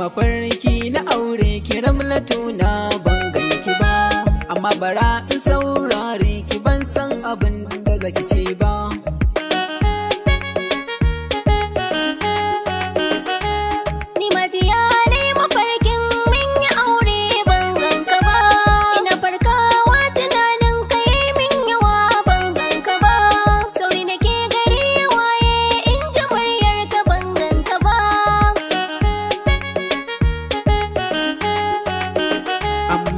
mafarki na aure ki ramlatu na ban ganki ba amma bara in saurare ki ban san abin da zaki ce ba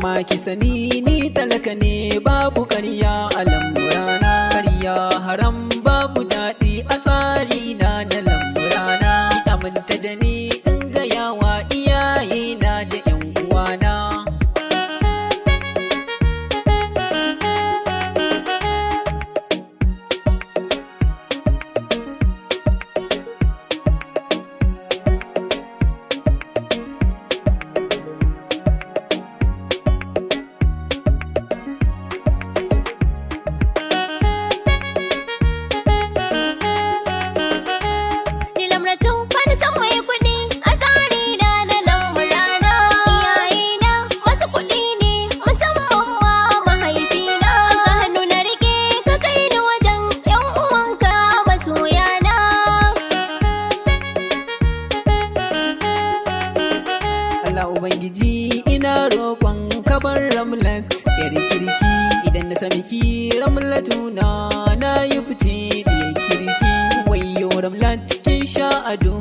amma ki sani ni talaka ne babu karya a lamburana karya haram babu daɗi a tsari na da lamburana ki aminta da ni Allah Ubangiji ina roƙon kabar Ramlax yar kirki idan na sami ki Ramlatu na na yi fice ɗiyar kirki wayo Ramlat kin sha ado